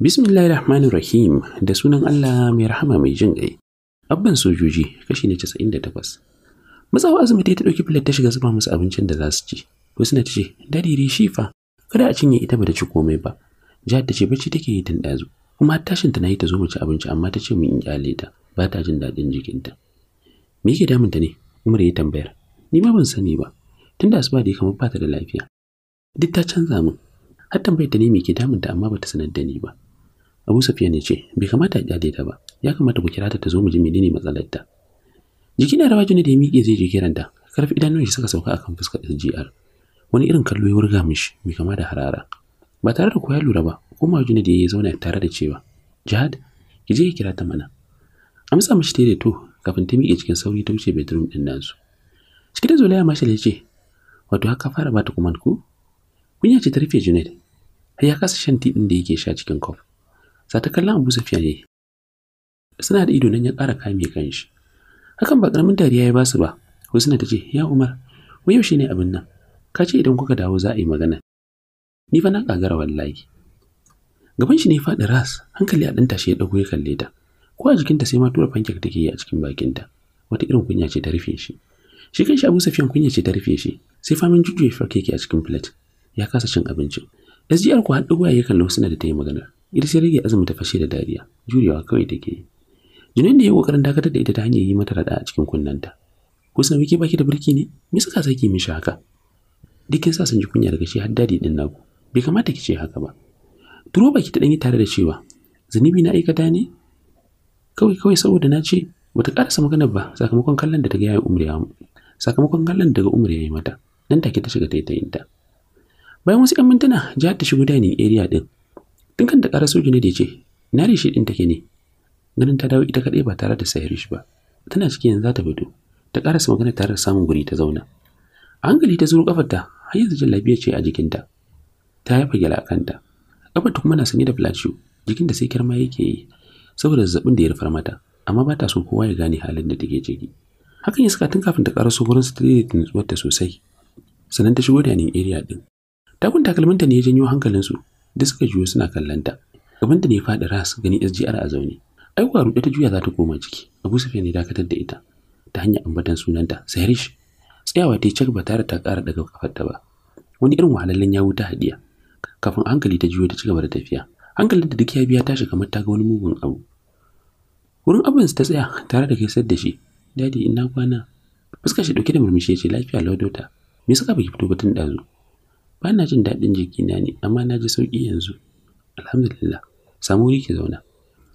Bismillahi Rahmanir Rahim da sunan Allah mai rahama mai jin ƙai. Abban sojoji kashi na 98. Matsawa azumi ta ɗauki filet ta shiga zuba musu abincin da za su ci. Husna ta ce, dariri shifa kada a cinye ita ba ta ci komai ba." Jihar ta ce, "Bacci take yi tun ɗazu." Kuma tashin ta na yi ta zo mu ci abinci amma ta ce mu in ta, ba ta jin daɗin jikinta. Me yake damunta ne? Umar ya tambayar. ni ma ban sani ba tunda asuba da kamar bata da lafiya duk ta canza min har tambayar ta ne me ke damunta amma bata sanar da ni ba Abu Safiya ne ce bai kamata a kyale ta ba ya kamata ku kira ta ta zo mu ji menene matsalar ta jiki na rawa jini da ya miƙe zai je kiran ta karfi idanun shi suka sauka akan fuskar SGR wani irin kallo ya wurga mishi mai kama da harara ba tare da ko ya lura ba ko ma jini da ya zauna tare da cewa Jihad ki je ki kira ta mana amsa mishi ta to kafin ta miƙe cikin sauri ta wuce bedroom din nasu Cikin da Zulaiya Marshal ya ce, Wato haka fara bata kuman ku? Kunya ce ta rufe Junaid, har ya kasa shan tiɗin da yake sha cikin kof. Za ta kallon Abu Safiya ne. Suna da ido nan ya ƙara kame shi Hakan ba ƙaramin dariya ya basu ba. Husna ta ce, "Ya Umar, mu yaushe ne abin nan? Ka ce idan kuka dawo za a yi magana." Ni fa na kagara wallahi. Gaban shi ne faɗi ras, hankali a ɗan tashi ya ɗago ya kalle ta. Ko a jikinta sai ma tura fankek take yi a cikin bakinta. Wata irin kunya ce ta rufe shi. shi shi Abu Safiyan kunya ce ta rufe shi sai famin ya farke ki a cikin plate ya kasa cin abincin SGR ku haɗu goya ya kallo suna da ta yi magana ita sai rage azumi ta fashe da dariya jurewa kawai take yi Junan da ya kokarin dakatar da ita ta hanyar yi mata rada a cikin kunnanta kusan wiki baki da birki ne me suka saki mishi haka Dikin sa sun ji kunya daga shi har dadi din naku bai kamata ki ce haka ba turo baki ta yi tare da cewa zunubi na aikata ne kawai kawai saboda na ce bata karasa magana ba sakamakon kallon da ta ga yayin umriya sakamakon kallon daga umar ya yi mata nan take ta shiga ta bayan wasu 'yan mintuna jihar ta shigo dining area din tun da ƙara soji ne da ce na rishi ta take ne ganin ta dawo ita kadai ba tare da rishi ba tana ciki yanzu za ta fito ta karasa magana tare da samun guri ta zauna a hankali ta zuro ƙafarta har yanzu jin lafiya ce a jikinta ta haifa gyala a kanta kafar ta kuma na sanye da flashu jikin da sai kirma yake yi saboda zazzabin da ya rufar mata amma ba ta so kowa ya gane halin da take ciki hakan ya saka tun kafin ta karaso gurin su ta da nutsuwar ta sosai sannan ta shigo da yanin area din takun takalminta ne ya janyo hankalinsu da suka juyo suna kallonta gabanta ne ya faɗi ras gani SGR a zaune ai kuwa ruɗe ta juya za ta koma ciki Abu Sufyan ne dakatar da ita ta hanyar ambatan sunanta Sahirish tsayawa ta yi cak ba tare ta ƙara daga ta ba wani irin wahalallen yawo ta hadiya kafin hankali ta juyo ta ci gaba da tafiya Hankalin da duk ya biya tashi kamar ta ga wani mugun abu wurin abin ta tsaya tare da kai da shi dadi ina kwana fuskar shi dauke da murmushi ce lafiya laudota me saka baki fito batun dazu ba na jin daɗin jikina ne amma na ji sauki yanzu alhamdulillah samu wuri ki zauna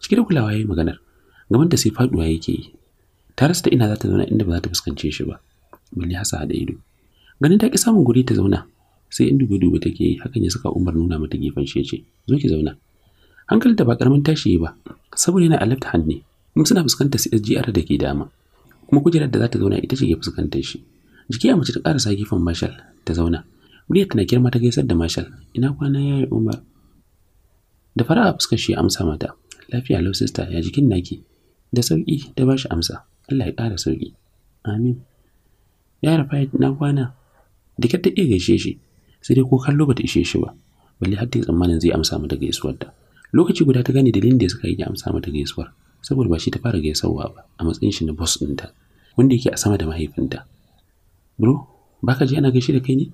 cikin kulawa yayi maganar gaban da sai faduwa yake yi ta rasa ina za ta zauna inda ba za ta fuskance shi ba Billy Hassan da ido. Ganin ta ki samun guri ta zauna, sai in dube dube take yi, hakan ya saka Umar nuna mata gefen shi ce, "Zo ki zauna." Hankalinta ba karamin tashi ba, saboda yana a left hand ne, in suna fuskantar CSGR da ke dama. kuma kujerar da za ta zauna ita ce ya fuskantar shi jiki a mace ta karasa gefen mashal ta zauna muryar tana girma ta gaisar da mashal ina kwana ya yi umar da fara a fuskar shi amsa mata lafiya lau sista ya jikin naki da sauki ta ba shi amsa Allah ya ƙara sauki amin ya rafa na kwana da kyar ta iya gaishe shi sai dai ko kallo bata ishe shi ba balle har ta tsammanin zai amsa mata gaisuwar ta lokaci guda ta gane dalilin da suka yi amsa mata gaisuwar saboda ba shi ta fara gaisarwa ba a matsayin shi na boss ɗinta wanda yake a sama da mahaifinta bro baka ji ana gaishe da kai ne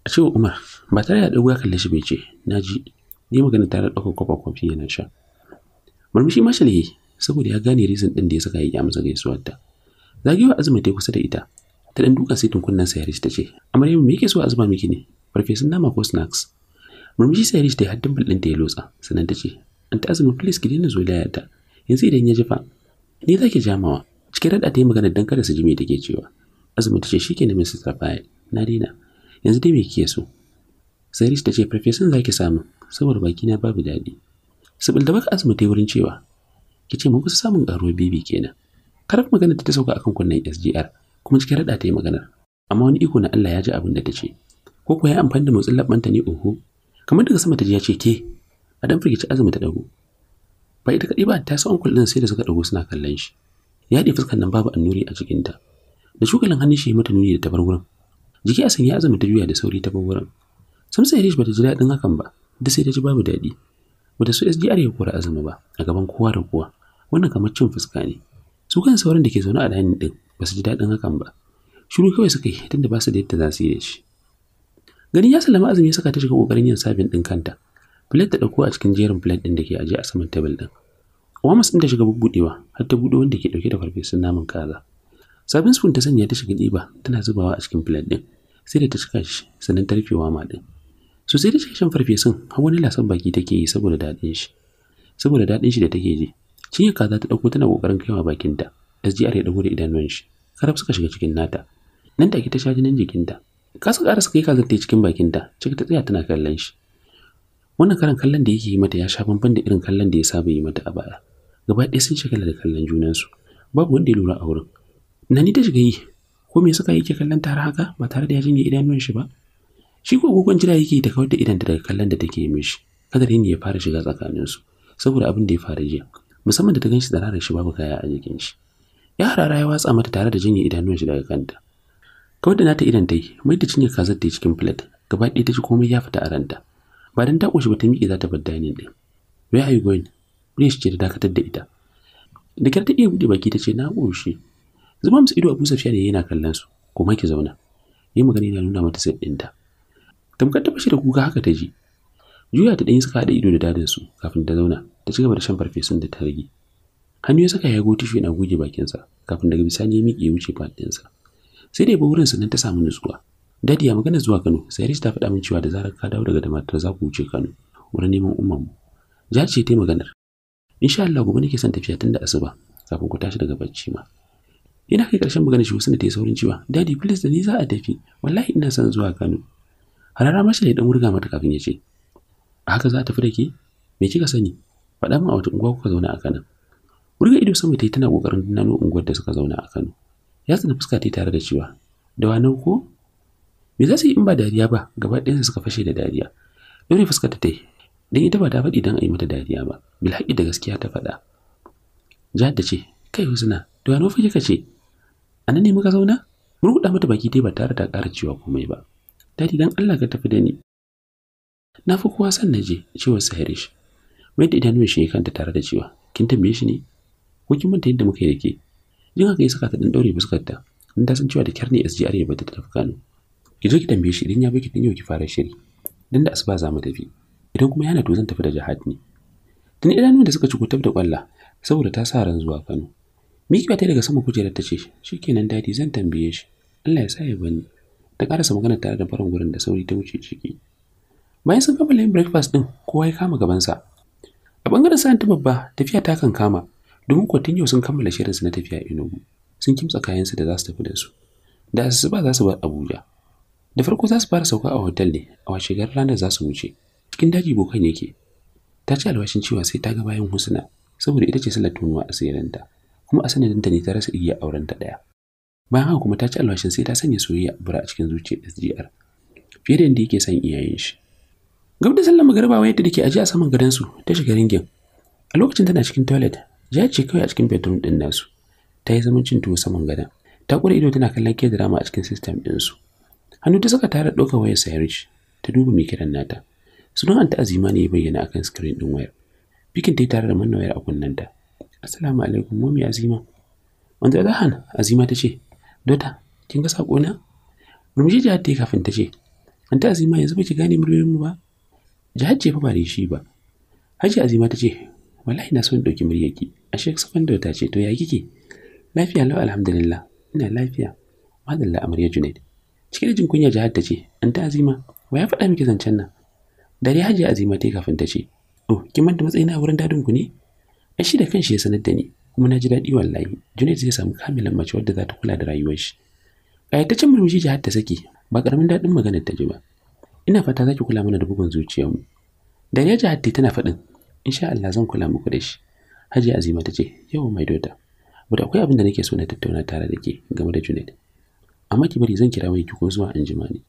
a cewa umar ba tare da ɗago ya kalle shi bai ce na ji yi magana tare da ɗaukar kwafa kofi yana sha murmushi mashal yi saboda ya gane reason din da ya saka ya amsa gaisuwar ta zagewa azumin ta kusa da ita ta ɗan duka sai tunkunnan sa ta ce amarya me yake so azuma miki ne farfesun nama ko snacks murmushi sai yarish ta yi haddin bulɗin ta ya lotsa sannan ta ce an ta azumi please ki daina zolaya ta yanzu idan ya ji fa ni zaki jamawa Cike rada ta yi magana dan kada su ji me take cewa azumi ta ce shike ne Mrs. Rafael na daina yanzu dai me kike so Sairis ta ce profession zaki samu saboda baki na babu daɗi. Sibil da baka azumi ta wurin cewa ki ce mun kusa samun garo bibi kenan karaf magana ta sauka akan kunnen SGR kuma cikin rada ta yi magana amma wani iko na Allah ya ji abin da ta ce ko kuwa ya amfani da motsin labanta ne oho kamar daga sama ta ji ya ce ke a dan firgici azumi ta dago ba ita kaɗai ba ta sa kullun sai da suka dago suna kallon shi ya haɗe fuskar nan babu annuri a ta da shugalin hannun shi mata nuni da tabar wurin jiki a sanya azumi ta juya da sauri ta bar wurin samsa irish bata ji daɗin hakan ba duk sai ta ji babu daɗi bata so sgr ya kora azumi ba a gaban kowa da kowa wannan kamar cin fuska ne su kan sauran da ke zaune a danin ɗin ba su ji daɗin hakan ba shiru kawai suka yi tunda ba su da yadda za su yi da shi ganin ya salama azumi ya saka ta shiga kokarin yin sabin ɗin kanta Filet ta dauko a cikin jerin filet ɗin da ke aje a saman tebul din Wamas ɗin ta shiga bubbudewa har ta buɗewa wanda ke dauke da farfesun namun kaza. Sabin spoon ta sanya ta shiga ɗiba tana zubawa a cikin filet ɗin sai da ta cika shi sannan ta rufe wama ɗin. So sai da shiga shan farfesun har wani lasan baki take yi saboda daɗin shi. Saboda daɗin shi da take ji. cinya kaza ta ɗauko tana ƙoƙarin kaiwa bakinta. SGR ya ɗago da idanuwan shi. Karab suka shiga cikin nata. Nan take ta sha jinin jikinta. Kasa ƙara suka yi kazar ta cikin bakinta, cika ta tsaya tana kallon shi. wannan karin kallon da yake yi mata ya sha bamban da irin kallon da ya saba yi mata a baya gaba ɗaya sun shagala da kallon junansu babu wanda ya lura a wurin nani ta shiga yi ko me suka yake kallon tare haka ba tare da ya jinye idanuwan shi ba shi ko gogon jira yake ta kawar da idan daga kallon da take mishi kadar ne ya fara shiga tsakaninsu saboda abin da ya fara jiya musamman da ta ganshi rarar shi babu kaya a jikin shi ya harara ya watsa mata tare da jinye idanuwan shi daga kanta kawar da nata idan ta yi mai da cinye kazar ta cikin plate gaba ɗaya ta ji komai ya fita a ranta ba dan ta koshi ba ta miƙe za ta bar dining din where are you going British ce ta dakatar da ita da kyar ta iya buɗe baki ta ce na koshi zuba musu ido Abu Safiya ne yana kallon su kuma ki zauna yi magana yana nuna mata sai ɗinta tamkar ta fashe da kuka haka ta ji juya ta ɗanyi suka haɗa ido da dadin su kafin ta zauna ta ci gaba da shan farfesun da ta rage hannu ya saka ya go tishu yana goge bakinsa kafin daga bisani ya miƙe ya wuce faɗinsa sai da ba wurin sannan ta samu nutsuwa Dadi ya magana zuwa Kano, sai Rista ta faɗa min cewa da zarar ka dawo daga da matar za ku wuce Kano, wurin neman umman mu. Ja ce ta yi maganar. Insha Allah gobe nake son tafiya tun da asuba, kafin ku tashi daga bacci ma. Ina kai ƙarshen maganar shi wasu da ta yi saurin cewa, Dadi please da ni za a tafi, wallahi ina son zuwa Kano. Harara mashi da ya ɗan wurga mata kafin ya ce, A haka za a tafi da ke? Me kika sani? Faɗa min a wata unguwa kuka zauna a Kano. Wurga ido sama ta yi tana ƙoƙarin nano unguwar da suka zauna a Kano. Ya tsina fuska ta tare da cewa, Da wani ko? me za su yi in ba dariya ba gaba ɗaya suka fashe da dariya dore fuskar ta tai dan ita ba ta faɗi dan a yi mata dariya ba bil da gaskiya ta faɗa jihar da ce kai husna to ya nufi kika ce a nan ne muka zauna Mun murguɗa mata baki dai ba tare da ƙara cewa komai ba dadi dan Allah ka tafi da ni na fi kowa san je cewa sahirish mai da idanun shi kanta tare da cewa kin tambaye shi ne ko kin manta yadda muka yi da ke jin haka ya saka ta ɗan ɗaure fuskarta, in ta san cewa da kyar ne SGR ya bata tafi Kano ki zo ki tambaye shi idan ya baki tun yau ki fara shiri dan da asuba za mu tafi idan kuma yana to zan tafi da jihad ne tun idanun da suka ci kutab da kwalla saboda ta sa ran zuwa Kano mikiwa ta daga sama kujerar ta ce shi shikenan dadi zan tambaye shi Allah ya sa ya bani ta karasa magana tare da farin gurin da sauri ta wuce ciki bayan sun kammala yin breakfast din kowa ya kama gabansa a bangaren sa'an ta babba tafiya ta kan kama domin kwatin yau sun kammala su na tafiya Enugu sun kimtsa kayansu da za su tafi da su da ba za su bar Abuja da farko za su fara sauka a hotel ne a washegar ranar za su wuce cikin daji bokan yake ta ci alwashin cewa sai ta ga bayan husna saboda ita ce sallar tunuwa a sirrinta kuma a sanin da ne ta rasa iya auren ta daya bayan haka kuma ta ci alwashin sai ta sanya soyayya bura a cikin zuciyar SGR fiye da yadda yake son iyayen shi Gabda sallar magariba wayar da ke aje a saman gadon su ta shiga ringin a lokacin tana cikin toilet ja ce kawai a cikin bedroom din nasu ta yi zaman cin tuwo saman gadon ta kura ido tana kallon ke drama a cikin system din su hannu ta saka tare ɗaukar wayar sayarish ta duba mai kiran nata sunan anta azima ne ya bayyana akan screen din wayar bikin ta tare da manna wayar a ta assalamu alaikum mami azima wanda zahan azima ta ce dota kin ga sako na murmushi jihar ta yi kafin ta ce anta azima yanzu baki gane murmushin mu ba jihar ce fa ba da shi ba hajji azima ta ce wallahi na so in ɗauki a shek safan dota ce to ya kike lafiya lau alhamdulillah ina lafiya madalla amarya junaid cikin jin kunya jihar ta ce an ta azima wa ya faɗa miki zancen nan dare haji azima ta kafin ta ce oh kin manta matsayin a wurin dadin ku ne ai shi da kanshi ya sanar da ni kuma na ji daɗi wallahi junaid zai samu kamilan mace wadda za ta kula da rayuwar shi ƙayataccen murmushi jihar ta saki ba ƙaramin daɗin maganar ta ji ba ina fata za ki kula mana da bugun zuciyarmu mu ya ji tana faɗin insha Allah zan kula muku da shi haji azima ta ce yawan mai dota but akwai abin da nake so na tattauna tare da ke game da junaid amma ki bari zan kira wai ki ko zuwa anjima ne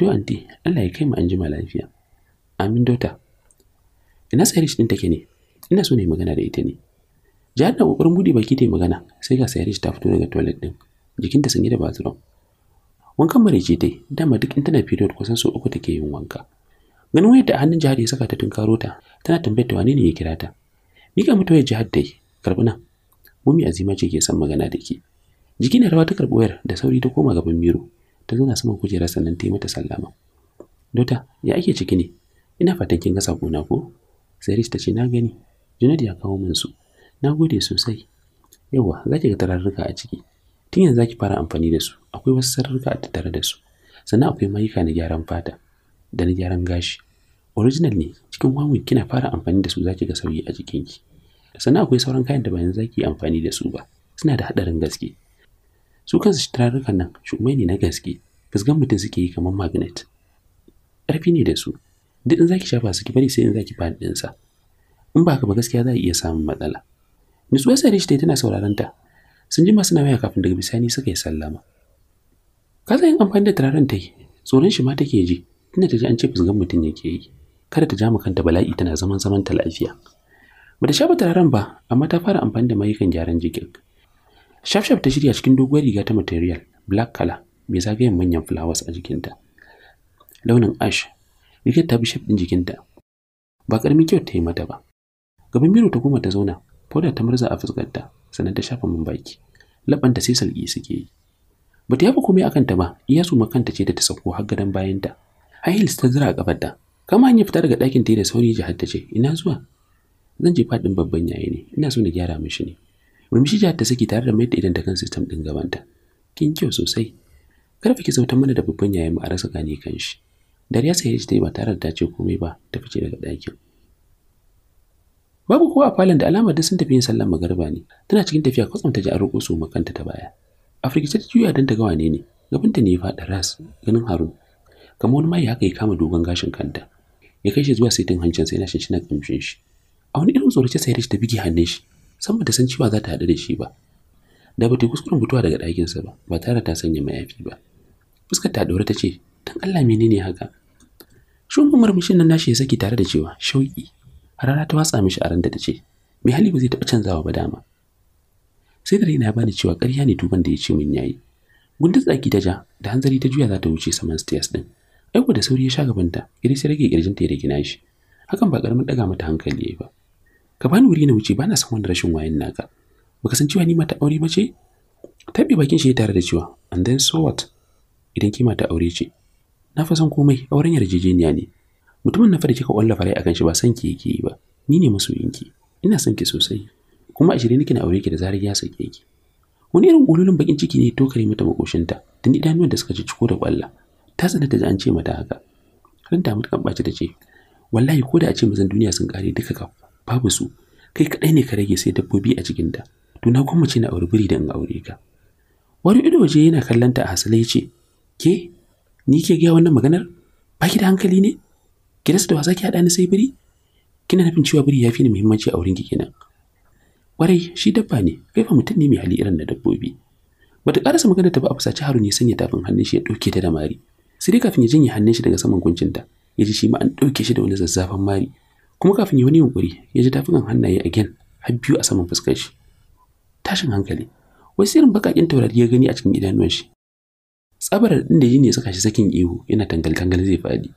to anti Allah ya kai mu anjima lafiya amin dota ina sayarish din take ne ina so ne magana da ita ne jihar na kokarin bude baki ta magana sai ga sayarish ta fito daga toilet din jikinta sanye da bathroom wankan marece dai dama duk in tana period kusan so uku take yin wanka ganin wayar da hannun jihar ya saka ta karo ta tana tambayar ta wane ne ya kira ta mika mata jihar dai karbuna mummy azima ce ke san magana da ke jiki na rawa ta karɓi wayar da sauri ta koma gaban miro ta zauna saman kujera sannan ta yi mata sallama dota ya ake ciki ne ina fatan kin ga sakona ko saris ta ce na gani junaid ya kawo min su na gode sosai yawa zaki ga tararruka a ciki tun yanzu zaki fara amfani da su akwai wasu sararruka a tattare da su sannan akwai mayuka na gyaran fata da na gyaran gashi original ne cikin wamin kina fara amfani da su zaki ga sauyi a jikinki sannan akwai sauran kayan da bayan zaki amfani da su ba suna da hadarin gaske su kansu turarukan nan shugabai ne na gaske fusgan mutum suke yi kamar magnet ƙarfi ne da su duk in zaki shafa su ki bari sai in zaki faɗi ɗinsa in ba ka ba gaskiya za a iya samun matsala nutsuwar da shi tana sauraron ta sun ji suna waya kafin daga bisani suka yi sallama kasa yin amfani da turaren ta yi tsoron shi ma take ji tana ta ji an ce fusgan mutum yake yi kada ta ja mu kanta bala'i tana zaman zaman ta lafiya ba ta shafa tararen ba amma ta fara amfani da mayukan gyaran jikin Shafshaf ta shirya cikin doguwar riga ta material black color mai zagayen manyan flowers a jikinta. Launin ash, rigar ta bi shaf ɗin jikinta. Ba ƙaramin kyau ta yi mata ba. Gaban biro ta koma ta zauna, foda ta murza a fuskarta, sannan ta shafa min baki. Labanta sai salƙi suke yi. Ba ta yafa komai akan ta ba, iya su makanta ce da ta sauko har gadon bayanta. High heels ta zira a kafarta. Kama an yi fita daga ɗakin ta da sauri jihar ta ce, ina zuwa? Zan je faɗin babban yayi ne, ina so na gyara mishi ne. bishi jihar ta saki tare da mayar da idan ta kan sistem ɗin gabanta kin kyau sosai karfa ki zauta mana da babban yayin mu a rasa gane kanshi dariya sai ta yi ba tare da ta ce komai ba ta fice daga ɗakin babu kowa a falon da alamar da sun tafi yin sallan magariba ne tana cikin tafiya kwatsam ta ji an roƙo su makanta ta baya Afirka ta juya don ta ga wane ne gabanta ne ya faɗa ras ganin harun kamar wani mai haka ya kama dogon gashin kanta ya kai shi zuwa saitin hancin sai na shinshina kamshin shi a wani irin ce sai ta bige hannun shi san bata san cewa za ta haɗu da shi ba da bata kuskuren fitowa daga ɗakinsa ba ba tare ta sanya mayafi ba fuskar ta daura ta ce dan Allah menene haka shungun murmushin nan nashi ya saki tare da cewa shauki harara ta watsa mishi aran da ta ce Me hali ba zai taɓa canzawa ba dama sai da raina ya bani cewa ƙarya ne tuban da ya ce min yayi gundun tsaki ta ja da hanzari ta juya za ta wuce saman stairs din aiko da sauri ya sha gabanta iris sai rage kirjinta ya rage nashi. hakan ba karamin daga mata hankali ba ka bani wuri na wuce bana son wanda rashin wayan naka baka san cewa ni mata aure ba ce taɓe bakin shi tare da cewa and then so what idan ki mata aure ce na fa san komai auren yarjejeniya ne mutumin na fa da kika wallafa rai akan shi ba san ki yake ba ni ne masoyinki ina son ki sosai kuma a shirye nake na aure ki da zarar ya sake ki wani irin gululun bakin ciki ne to kare mata makoshinta tun idanuwan da suka ci ciko da kwalla ta tsada ta ji an ce mata haka ranta ta mutukan ɓaci ta ce wallahi ko da a ce mazan duniya sun kare duka kafa babu su kai kadai ne ka rage sai dabbobi a cikin ta to na gwammace na aure biri da in aure ka wani ido waje yana kallonta a hasale ce ke ni ke gaya wannan maganar ba ki da hankali ne ki rasa da wasa ki hada ni sai biri kina nufin cewa biri ya fi ni muhimmanci a wurin ki kenan kwarai shi dabba ne kai fa mutum ne mai hali irin na dabbobi bata karasa maganar ta ba a fusaci harun ya sanya tafin hannun shi ya ɗauke ta da mari sai dai kafin ya janye hannun shi daga saman kuncinta ya ji shi ma an ɗauke shi da wani zazzafan mari kuma kafin ya wani yunkuri ya ji tafukan hannaye a gyan har biyu a saman fuskar shi tashin hankali wasu irin bakakin taurari ya gani a cikin idanuwan shi tsabarar din da yi ne saka shi sakin ihu yana tangal tangal zai fadi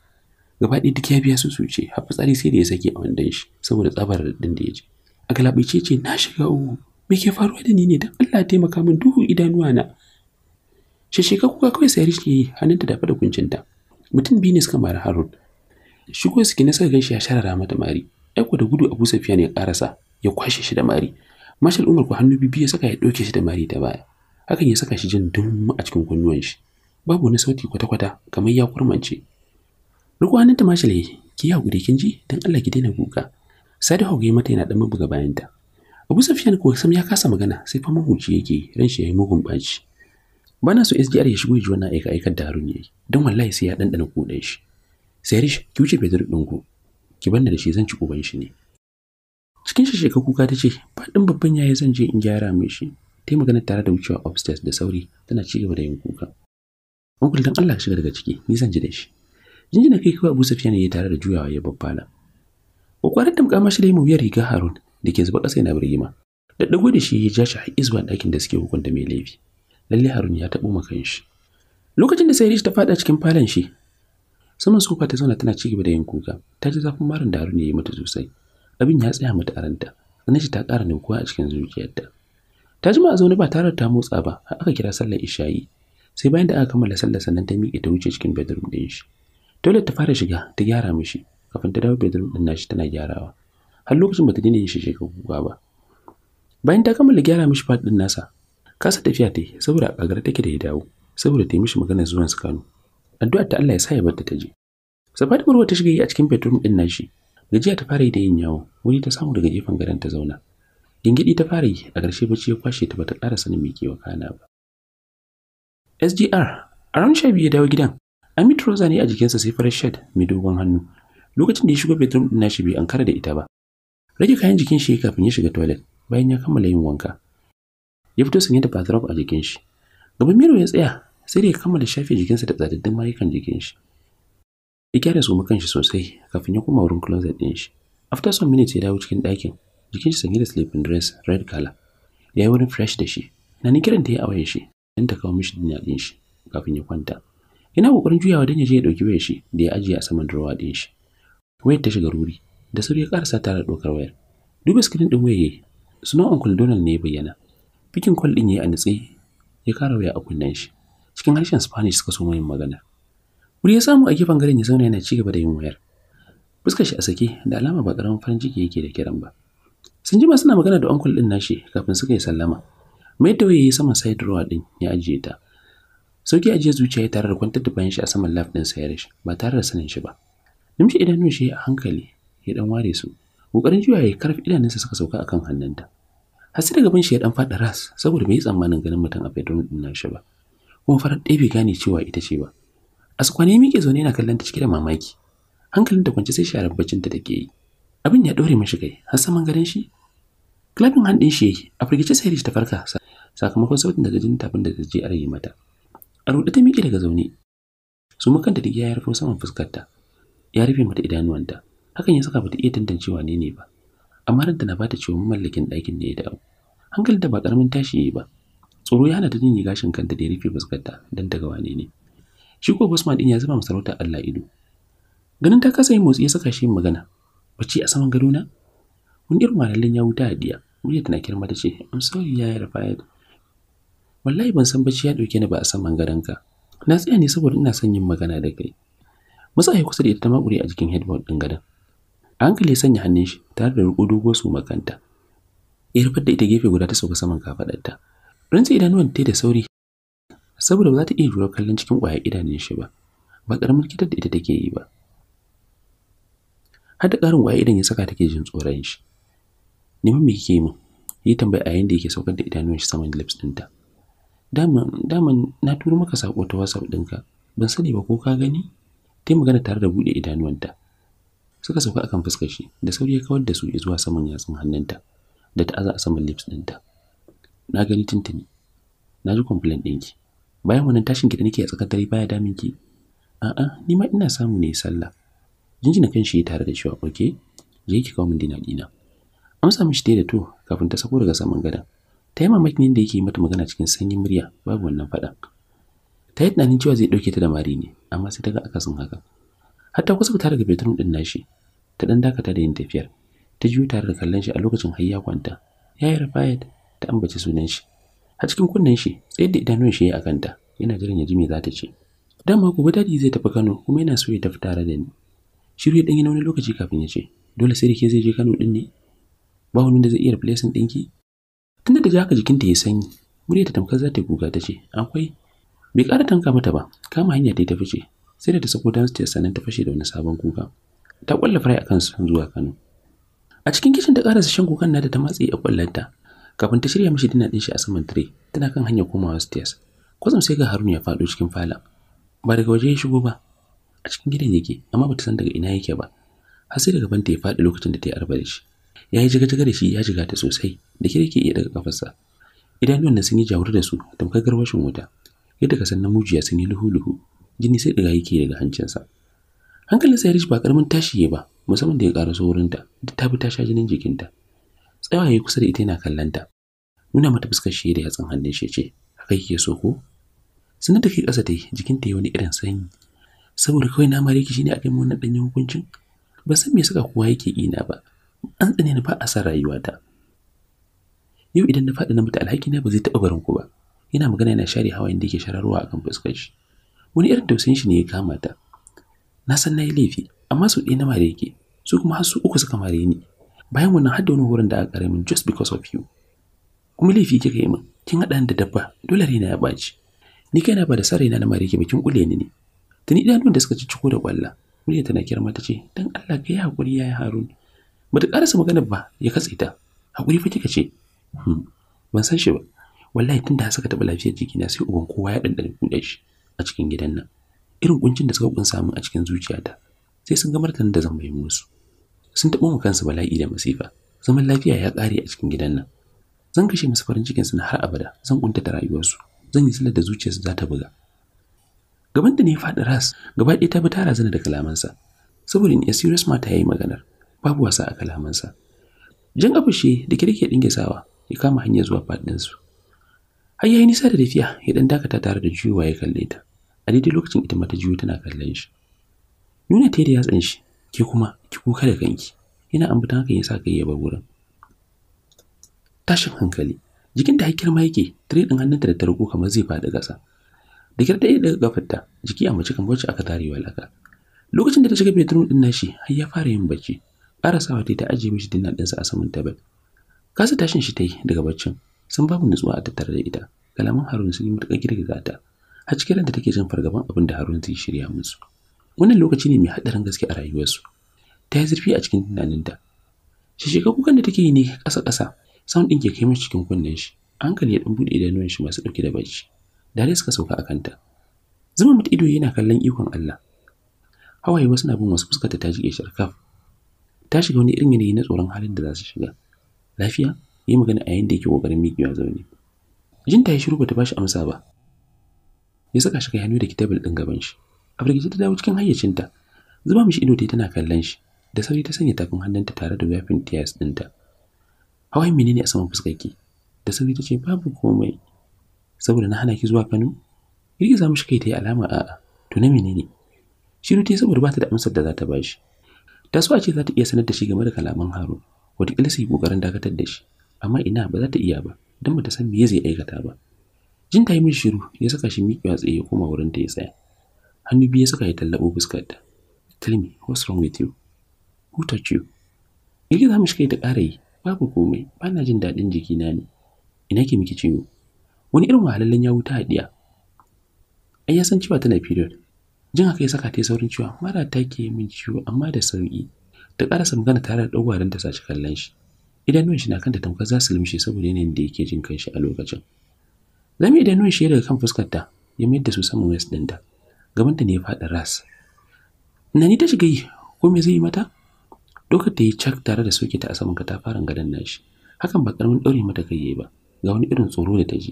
gaba ɗaya duk ya biya su suce har fitsari sai da ya sake a wandon shi saboda tsabarar din da ya ji a galabaice ce na shiga uku me ke faruwa da ni ne dan Allah taimaka min duhu idanuwa na ka kuka kawai sai rishi hannunta dafa da kuncinta mutum biyu ne suka mara harun shigo suke na suka gan shi ya sharara mata mari aiko da gudu abu safiya ne ya karasa ya kwashe shi da mari mashal umar ku hannu bibiya saka ya dauke shi da mari ta baya hakan ya saka shi jin dum a cikin kunnuwan shi babu wani sauti kwata-kwata kamar ya kurmance riko ta mashal ya ki ya gure kin ji dan Allah ki daina kuka sadi hauge mata yana dan buga bayanta abu safiyan ko sam ya kasa magana sai fa mahuci yake ran shi yayi mugun baci bana so SGR ya shigo ji wannan aika aikar da Harun yayi don wallahi sai ya dandana kudin shi sai rish ki wuce fetur ɗinku ki banna da shi zan ci uban shi ne cikin shi sheka kuka ta ce faɗin babban yayi zan je in gyara mai shi ta magana tare da wucewa upstairs da sauri tana ci gaba da yin kuka uncle dan Allah shiga daga ciki ni zan ji da shi jinjina kai kawai Abu Sufyan ya tare da juyawa ya babbala kwarar da mukamashi da mu mawuyar riga Harun da ke zuba kasa yana birgima da dago da shi ya ja shi har izuwa ɗakin da suke hukunta mai laifi lalle Harun ya taɓo makan shi lokacin da sai ta fada cikin falon shi saman sofa ta zauna tana cigaba da yin kuka ta ji zafin marin da haruna ya yi mata sosai abin ya tsaya mata a ranta sannan ta ƙara ninkuwa a cikin zuciyarta ta jima a zaune ba tare da ta motsa ba har aka kira sallar isha'i sai bayan da aka kammala sallar sannan ta miƙe ta wuce cikin bedroom ɗin shi dole ta fara shiga ta gyara mishi kafin ta dawo bedroom ɗin nashi tana gyarawa har lokacin bata daina yin shi kuka ba bayan ta kammala gyara mishi fadin nasa kasa tafiya ta yi saboda a ƙagar take da ya dawo saboda ta yi mishi maganar zuwan su kano addu'ar ta Allah ya sa ya bar ta je Safatu Marwa ta shiga yi a cikin bedroom din nashi gajiya ta fara yi da yin yawo wuri ta samu daga gefen gadon ta zauna gingidi ta fara yi a ƙarshe bacci ya kwashe ta bata ƙara sanin me ke wakana ba SGR a ran sha biyu ya dawo gidan Amit Rosa ne a jikinsa sai farar shed mai dogon hannu lokacin da ya shiga bedroom din nashi bai ankara da ita ba rage kayan jikin shi kafin ya shiga toilet bayan ya kammala yin wanka ya fito sanye da bathrobe a jikin shi gaban miro ya tsaya sai dai ya kammala shafe jikinsa da tsadaddun mayukan jikin shi ya gyara su kanshi sosai kafin ya koma wurin closet din shi after some minutes ya dawo cikin ɗakin jikin shi sanye da sleeping dress red color ya yi wurin fresh da shi na ni kiran ta ya awaye shi don ta kawo mishi dinya din shi kafin ya kwanta yana kokarin juyawa dan ya je ya ɗauki wayar shi da ya ajiye a saman drawer din shi wayar ta shiga ruri da sauri ya karasa tare da ɗaukar wayar duba screen din wayar sunan uncle donald ne ya bayyana bikin kwal din ya yi a nutse ya kara waya a kunnen shi cikin harshen Spanish suka so yin magana. Wuri ya samu a gefen garin ya zauna yana ci gaba da yin wayar. Fuskar shi a sake da alama ba karamin farin ciki yake da kiran ba. Sun jima suna magana da uncle din nashi kafin suka yi sallama. Mai da waye sama side drawer din ya ajiye ta. Sauki ajiye zuciya tare da kwantar da bayan shi a saman lap din sa ya rashi ba tare da sanin shi ba. Nimshi idanun shi a hankali ya dan ware su. Kokarin juya ya karfi idanunsa suka sauka akan hannunta. Hasi da gaban shi ya dan faɗa ras saboda bai tsammanin ganin mutum a bedroom din nashi ba. kuma farar ɗaya bai gane cewa ita ce ba A askwane miƙe zaune yana kallon ta cike da mamaki hankalin da kwance sai sharar baccin ta ke yi abin ya dore mishi kai har saman garin shi clapping hand din shi yayi a firgice sai ta farka sakamakon sautin daga jin tafin da ta je arayi mata a ruɗe ta miƙe daga zaune su makanta da ya rufe saman fuskarta ya rufe mata idanuwanta hakan ya saka bata iya tantancewa ne ne ba amma ranta na bata ciwon mallakin ɗakin ne ya abu hankalin da ba ƙaramin tashi yi ba Tsoro ya hana ta janye gashin kanta da ya rufe fuskarta don ta ga wane ne. Shi ko Bosman din ya zuba masarautar Allah ido. Ganin ta kasa yin motsi ya saka shi magana. Bacci a saman gado na? mun irin malalin ya wuta hadiya. Muryar tana kirma ta ce, "I'm sorry ya yara fayad." Wallahi ban san bacci ya ɗauke ni ba a saman ka Na tsaya ne saboda ina son yin magana da kai. Matsayi kusa da ita ta makure a jikin headboard din gadon. A hankali ya sanya hannun shi tare da riƙo doguwar su makanta. Ya rufar da ita gefe guda ta sauka saman kafaɗarta. Rantse idanuwan ta da sauri saboda ba za ta iya jura kallon cikin ƙwayar idanun shi ba. Ba ƙaramin kitar da ita take yi ba. Har da ƙarin ƙwayar idan ya saka take jin tsoron shi. Neman me kike yi min? Yi tambaya a yayin yake saukar da idanuwan shi saman lips ɗinta. Daman, daman na turo maka saƙo ta WhatsApp ɗinka. Ban sani ba ko ka gani? Ta magana tare da buɗe idanuwanta. Suka sauka akan fuskar shi da sauri ya kawar da su zuwa saman yatsun hannunta da ta aza a saman lips ɗinta. na gani tuntuni na ji complaint ɗinki bayan wannan tashin ki da nake a tsakar dare baya damin ki a'a ni ma ina samu ne sallah jinjina kan shi tare da cewa ke? je ki kawo min dina dina amsa mishi da to kafin ta sako daga saman gadan ta yi mamakin yadda yake mata magana cikin sanyin murya babu wannan faɗan ta yi tunanin cewa zai ɗauke ta da mari ne amma sai ta ga akasin haka Hatta kusa fita daga bedroom ɗin nashi ta ɗan dakata da yin tafiyar ta juyo tare da kallon shi a lokacin har kwanta ya yi ta ambaci sunan shi a cikin kunnen shi sai da idanun shi ya akanta yana jiran ya ji za ta ce ma gobe dadi zai tafi Kano kuma yana so ya tafi tare da ni shiru ya dinga na wani lokaci kafin ya ce dole sai rike zai je Kano din ne ba wani da zai iya din ki tunda da haka jikinta ya sanyi murya ta tamkar za ta guga ta ce akwai bai ƙara tanka mata ba kama hanya ta tafi ce sai da ta sako downstairs sannan ta fashe da wani sabon kuka ta kwalla fara akan su zuwa Kano a cikin kishin ta karasa shan kukan nata ta matsi a kwallanta kafin ta shirya mishi dina din shi a saman tire tana kan hanya komawa stairs kwatsam sai ga Haruna ya faɗo cikin falon ba daga waje ya shigo ba a cikin gidan yake amma bata san daga ina yake ba har sai daga banta ya faɗi lokacin da ta yi arba shi ya yi jiga-jiga da shi ya jiga ta sosai da kira ke iya daga kafarsa idanuwan nan sun yi jawur da su tamkar garwashin wuta yadda ka san mujiya sun yi luhu-luhu jini sai daga yake daga hancinsa hankalinsa ya rishi ba karamin tashi ba musamman da ya ƙara wurinta duk ta bi ta sha jinin jikinta tsawaye kusa da ita yana kallanta nuna mata fuskar shi da yatsun hannun shi ce haka kike so ko sanar da kasa ƙasa ta yi jikinta ya wani irin sanyi saboda kawai na mare ki shine akai wannan danyen hukuncin ba san me suka kowa yake ina ba an tsane ni ba a san rayuwata yau idan na faɗi na mutu alhaki na ba zai taɓa barin ku ba yana magana yana share hawayen da yake shararwa akan fuskar shi wani irin tausayin shi ne ya kama ta na san na yi laifi amma su ɗaya na mare yake su kuma har su uku suka mare ni bayan wannan har da wani wurin da aka kare min just because of you kuma laifi kika yi min kin haɗa da dabba dole na ya ɓaci ni na ba da sarai na na mare ki ba kin kule ni ne tuni idanun da suka ci ciko da kwalla muryar tana kirma ta ce dan Allah ka yi hakuri yi Harun bata karasa maganar ba ya katse ta hakuri fa kika ce hmm, ban san shi ba wallahi tun da suka taɓa lafiyar na sai uban kowa ya ɗanɗana kuɗa shi a cikin gidan nan irin kuncin da suka kunsa min a cikin zuciyata sai sun ga ni da zan bai musu sun taɓa mu kansu bala'i da masifa zaman lafiya ya ƙare a cikin gidan nan zan kashe musu farin cikin su har abada zan da rayuwarsu zan yi sallar da zuciyarsu za ta buga gaban da ne faɗi ras gaba ɗaya ta bi tara zana da kalamansa saboda in serious mata yayi maganar babu wasa a kalamansa jan abushe da kirke ɗinge sawa ya kama hanyar zuwa faɗinsu. su har yi nisa da tafiya ya dan dakata tare da juyowa ya kalle ta a daidai lokacin ita mata juyu tana kallon shi nuna ta da yatsan shi ki kuma ki kuka da kanki yana ambata hakan yasa kai ya bar wurin tashin hankali jikin ta har kirma yake tare din hannunta da tarko kamar zai fada gasa. da kirta ɗaya daga gafarta jiki a mace kamar wacce aka tare laka lokacin da ta shiga bedroom din nashi har ya fara yin bacci sawa ta ajiye mishi dinna sa a saman tabal kasa tashin shi ta yi daga baccin sun babu nutsuwa a tattare da ita kalaman harun sun yi matuƙar girgiza ta har cikin ranta take jin fargaban abin da harun zai shirya musu wannan lokaci ne mai haɗarin gaske a rayuwarsu ta yi zurfi a cikin tunaninta Shishiga kukan da take yi ne ƙasa-ƙasa sound ɗin ke kai mashi cikin kunnen shi hankali ya ɗan buɗe idanuwan shi masu ɗauke da bacci dare suka sauka a kanta zuma mata ido yana kallon ikon Allah hawaye wasu na bin wasu fuskarta ta jike sharkaf ta shiga wani irin yanayi na tsoron halin da za su shiga lafiya yi magana a yayin da yake kokarin miƙewa zaune jinta ya shiru bata bashi amsa ba ya saka shi kai hannu da kitabul ɗin gaban shi a firgice ta dawo cikin hayyacinta zuba mishi ido tana kallon shi da sauri ta sanya tafin hannunta tare da wafin tiyas ɗinta hawayen menene a saman fuskarki da sauri ta ce babu komai saboda na hana ki zuwa Kano girgiza mishi kai ta yi alama a'a to na menene shiru ta saboda ba ta da amsar da za ta bashi ta so a ce za ta iya sanar da shi game da kalaman Harun wataƙila su yi ƙoƙarin dakatar da shi amma ina ba za ta iya ba don ba ta san me zai aikata ba jin ta yi min shiru ya saka shi miƙewa tsaye ya koma wurin ta ya tsaya hannu biyu suka yi tallabo fuskarta tell me what's wrong with you who touch you girgiza mishi ta ƙara yi babu komai ba na jin daɗin jikina ne ina ke miki ciwo wani irin wahalallen wuta ta haɗiya ai ya san cewa tana period jin haka ya saka ta saurin ciwa mara ta ke min ciwo amma da sauƙi ta ƙarasa magana tare da ɗaukwarin ta sashi kallon shi idanuwan shi na kanta tamkar za su limshe saboda yanayin da yake jin kanshi a lokacin zama idanuwan shi daga kan ta ya mayar da su saman west ta gaban ta ne ya faɗi ras nani ta shiga yi ko me zai yi mata dokar ta yi cak tare da soke ta a saman katafaren gadon nashi hakan ba karamin ɗaure mata kai yayi ba ga wani irin tsoro da ta ji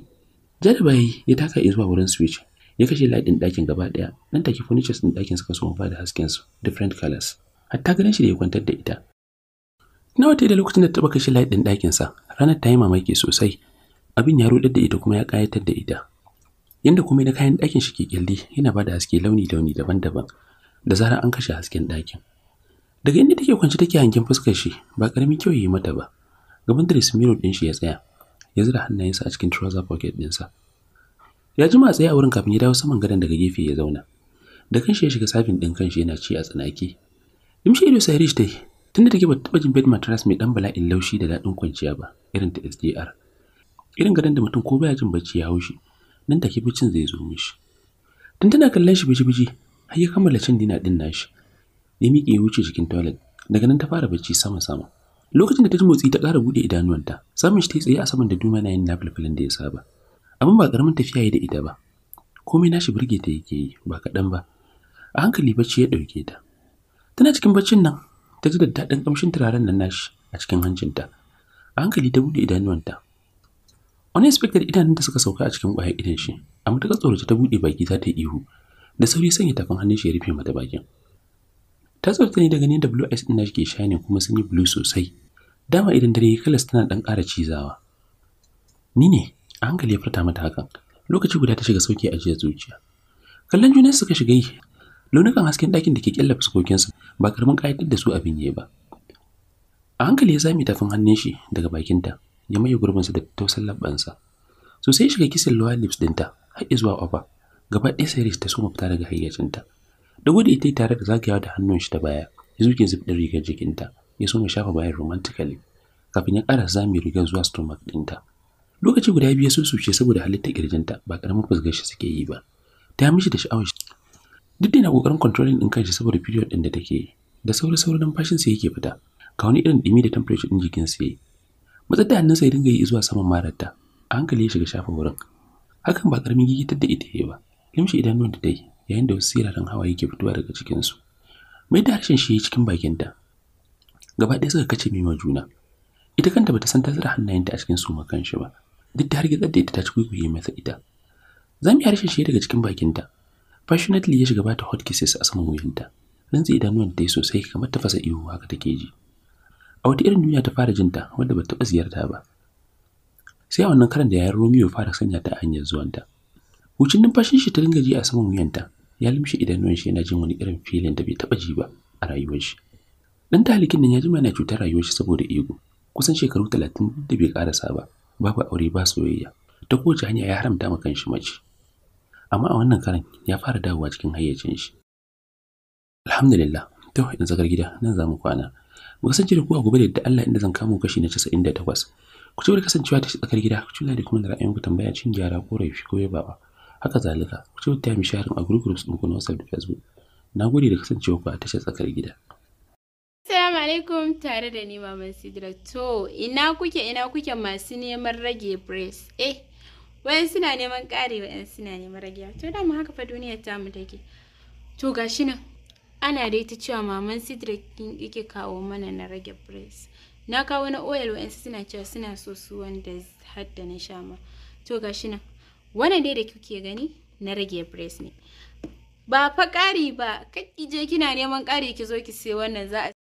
jaraba ya taka zuwa wurin switch ya kashe light ɗakin gaba ɗaya nan take furnitures ɗin ɗakin suka soma da hasken su different colors hatta ganin shi da ya kwantar da ita nawa ta da lokacin da ta taɓa kashe light ɗakinsa ranar ta yi mamaki sosai abin ya rudar da ita kuma ya kayatar da ita Yanda kuma na kayan ɗakin shi ke kyalli yana bada haske launi-launi daban-daban da zarar an kashe hasken ɗakin daga inda take kwance take hangen fuskar shi ba ƙaramin kyau yi mata ba gaban dressing mirror ɗin shi ya tsaya ya zura hannayensa a cikin trouser pocket ɗinsa ya jima a tsaye a wurin kafin ya dawo saman gadon daga gefe ya zauna da kanshi ya shiga sabin ɗin kanshi yana ci a tsanaki dimshi ido sai rich dai tunda take bata taɓa jin bed mattress mai ɗan bala'in laushi da daɗin kwanciya ba irin ta sdr irin gadon da mutum ko baya jin bacci ya haushi nan take bicin zai zo mishi tun tana kallon shi biji-biji har ya kammala cin dina din nashi ya miƙe ya wuce cikin toilet daga nan ta fara bacci sama-sama lokacin da ta ji motsi ta ƙara buɗe idanuwanta samun shi ta yi tsaye a saman da duma na yin nafilfilin da ya saba abin ba ƙaramin tafiya ya da ita ba komai nashi burge ta yake yi ba kaɗan ba a hankali bacci ya ɗauke ta tana cikin baccin nan ta ji daddaɗin ƙamshin turaren nan nashi a cikin hancinta a hankali ta buɗe idanuwanta Wani idanun da suka sauka a cikin ƙwayar idan shi, a matuƙar tsoro ta buɗe baki za ta yi ihu, da sauri sanya tafin hannun shi ya rufe mata bakin. Ta tsorta ne da ganin da blue eyes ɗin nashi ke shine kuma sun yi blue sosai. Dama idan dare kalas tana ɗan ƙara cizawa. Ni ne, a hankali ya furta mata hakan, lokaci guda ta shiga sauki a jiya zuciya. Kallon junan suka shiga yi, launukan hasken ɗakin da ke ƙyalla fuskokinsu ba karamin ƙayatar da su abin yi ba. A hankali ya zame tafin hannun shi daga bakinta, ya maye gurbinsa da tausan labbansa so sai shiga kisan lower lips dinta har zuwa ofa gaba ɗaya sai ta soma fita daga hayyacinta da gudu ita tare da zagayawa da hannun shi ta baya ya zuke zub ɗin rigar jikinta ya soma shafa bayan romantically kafin ya ƙara zami rigar zuwa stomach ɗinta lokaci guda biyu sun suce saboda halitta kirjinta ba ƙaramin fusgar shi suke yi ba ta yi mishi da sha'awar shi duk da na kokarin controlling din kanshi saboda period din da take da sauri sauri numfashinsa yake fita ka wani irin dumi da temperature ɗin jikinsa yayi matsadda da hannunsa ya dinga yi zuwa saman mararta a hankali ya shiga shafa wurin hakan ba karamin gigitar da ita ya ba idan idanun da dai, yi yayin da wasu siraran hawa ke fitowa daga cikinsu mai da harshen shi cikin bakinta gaba ɗaya suka kace mai juna ita kanta bata san ta zira hannayenta a cikin su makan shi ba duk da har da ita ta ci kwaikwaye masa ita zami harshen shi daga cikin bakinta passionately ya shiga bata hot kisses a saman wuyanta rinzi idanuwan ta yi sosai kamar ta fasa ihu haka take ji a wata irin duniya ta fara jinta wadda ba taɓa ziyarta ba sai a wannan karan da yayin romeo fara sanya ta hanyar zuwanta hucin numfashin shi ta dinga ji a saman wuyanta ya lumshe idanuwan shi yana jin wani irin filin da bai taɓa ji ba a rayuwar shi dan talikin nan ya jima yana cutar rayuwar shi saboda ego kusan shekaru talatin da bai karasa ba babu aure ba soyayya ta kowace hanya ya haramta ma kanshi mace amma a wannan karan ya fara dawowa cikin hayyacin shi alhamdulillah ta in zagar gida nan za mu kwana mu kasance da ku a gobe da yadda Allah inda zan kamo kashi na 98 ku ci kasancewa ta tsakar gida ku tuna da kuma da ra'ayin ku tambaya cin gyara ko rafi ko yaba haka zalika ku ci da mi a group groups ku na WhatsApp da Facebook nagode da kasancewa ku a tashar tsakar gida Assalamu alaikum tare da ni Maman Sidra to ina kuke ina kuke masu neman rage press eh wayan suna neman kare wayan suna neman rage to da mu haka fa duniyar mu take to gashi nan ana dai ta cewa maman sidrak kin yake kawo mana na rage breast na kawo na oil wa'ansu suna cewa suna so su wanda har da na sha ma to gashi nan wannan dai da kuke gani na rage breast ne ba fa ƙari ba ki je kina neman ƙari ki zo ki sai wannan za a